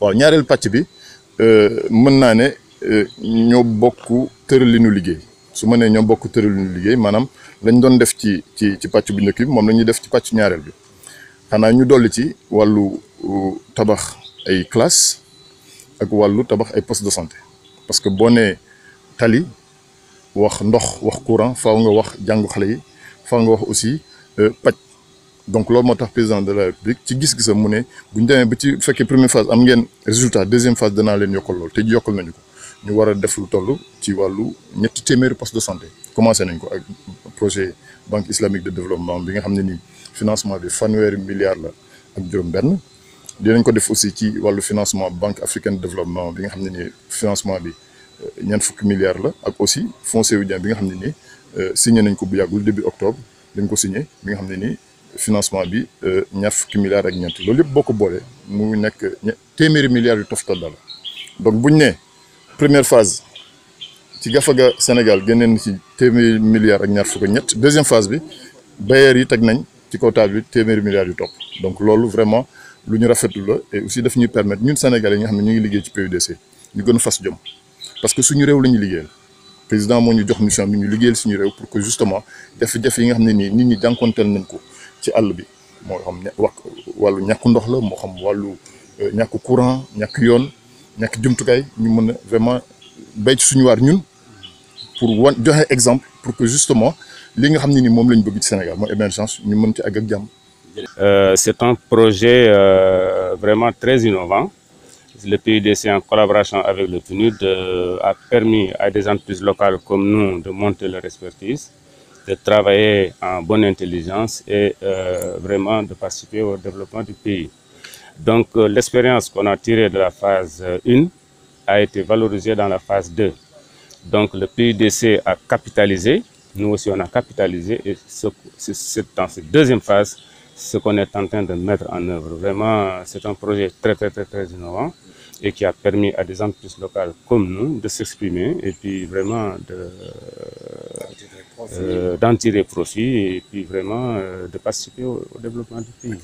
waaw ñaareelu pàcc bi euh, mën naa ne euh, ñoo bokk tëralinu liggéey su ma nee ñoo bokk tëralinu liggéey maanaam lañ doon def ci ci ci pàcc bu njëkk bi moom la ñuy def ci pàcc ñaareel bi xanaa ñu dolli ci wàllu tabax ay classe ak wàllu tabax ay poste de santé parce que boo nee tali wax ndox wax courant faaw nga wax jàngu xale yi faaw nga wax aussi euh, paj donc loolu moo pesant président de la république ci gis-gisam mu ne bu ñu demee ba ci première phase am ngeen résultat deuxième phase danaa leen yokkal lool te yokkal nañu ko ñu war a def lu toll ci wàllu ñetti téeméeri poste de santé commencé nañ ko ak projet banque islamique de développement bi nga xam ne financement bi fanweeri milliards la ak juróom-benn dinañ ko def aussi ci wàllu financement banque africaine de développement bi nga xam ne financement bi euh, ñeent milliards la ak aussi fonds saoudien bi nga xam ne nii euh, signé nañ ko bu yàggul début octobre dañ ko signé bi nga xam ne financement bi euh, ñaar fukki milliards ak ñett loolu yëpp boo ko mu nekk téeméeri milliards yu toftal dal donc buñ né première phase ci ga Sénégal génneen ci téeméeri milliards ak ñaar fukk ñett deuxième phase bi bailleurs yi teg nañ ci kaw bi téeméeri milliards yu top donc loolu vraiment lu ñu rafetlu la et aussi daf ñuy permettre ñun Sénégalais yi nga xam ñu ngi liggéey ci PUDC ñu gën fas jom parce que suñu réew la ñu président mo ñu jox mission bi ñu liggéeyal suñu réew pour que justement jafe-jafe yi nga xam ni nii nit ñi jànkonteel nañ ko ci all bi mo xam walu wàllu ndox la mo xam walu euh, ñàkku courant ñàkk yoon ñàkk kay ñu mën vraiment béy ci suñu war ñun pour joxe exemple pour que justement li nga xam ne ni mom la bëgg ci Sénégal mo émergence ñu mën ci ag ak jàmm. Euh, c'est un projet euh, vraiment très innovant. Le PUDC, en collaboration avec le PNUD, euh, a permis à des entreprises locales comme nous de monter leur expertise de travailler en bonne intelligence et euh, vraiment de participer au développement du pays. Donc euh, l'expérience qu'on a tirée de la phase 1 euh, a été valorisée dans la phase 2. Donc le PIDC a capitalisé, nous aussi on a capitalisé et c'est dans cette deuxième phase ce qu'on est en train de mettre en œuvre. Vraiment, c'est un projet très, très, très, très innovant et qui a permis à des entreprises locales comme nous de s'exprimer et puis vraiment de euh, d'en tirer profit et puis vraiment euh, de participer au développement du pays.